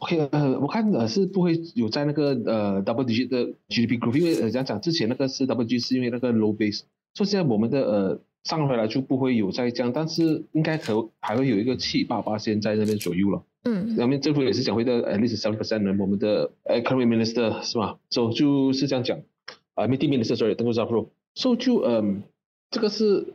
OK，呃、uh,，我看的是不會有在那個呃 double digit 的 GDP growth。因為呃，講講之前那個是 W G，是因為那個 low base。所以現在我們的呃，上回來，來就不會有再降，但是應該還還會有一個七、八、巴仙在那邊左右了。嗯，然後面政府也是講回到呃 at least 相對巴仙呢，我們的 Economy Minister 是吧？so，就是這樣講。呃、uh, I mean,，那地面的設施也登過上 pro。so，就嗯，這個是。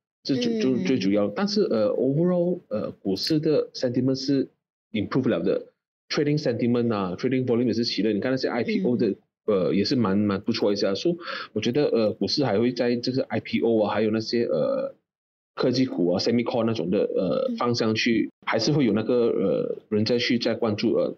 就就最主要，嗯、但是呃 overall 呃股市的 sentiment 是 improve 不了的，trading sentiment 啊，trading volume 也是起咗，你看那些 IPO 的、嗯、呃也是蠻蠻不錯一下、啊，所、so, 以我覺得呃股市還會在這個 IPO 啊，還有那些呃科技股啊 semiconductor 那種的呃方、嗯、向去，還是會有那個呃人在去再關注呃。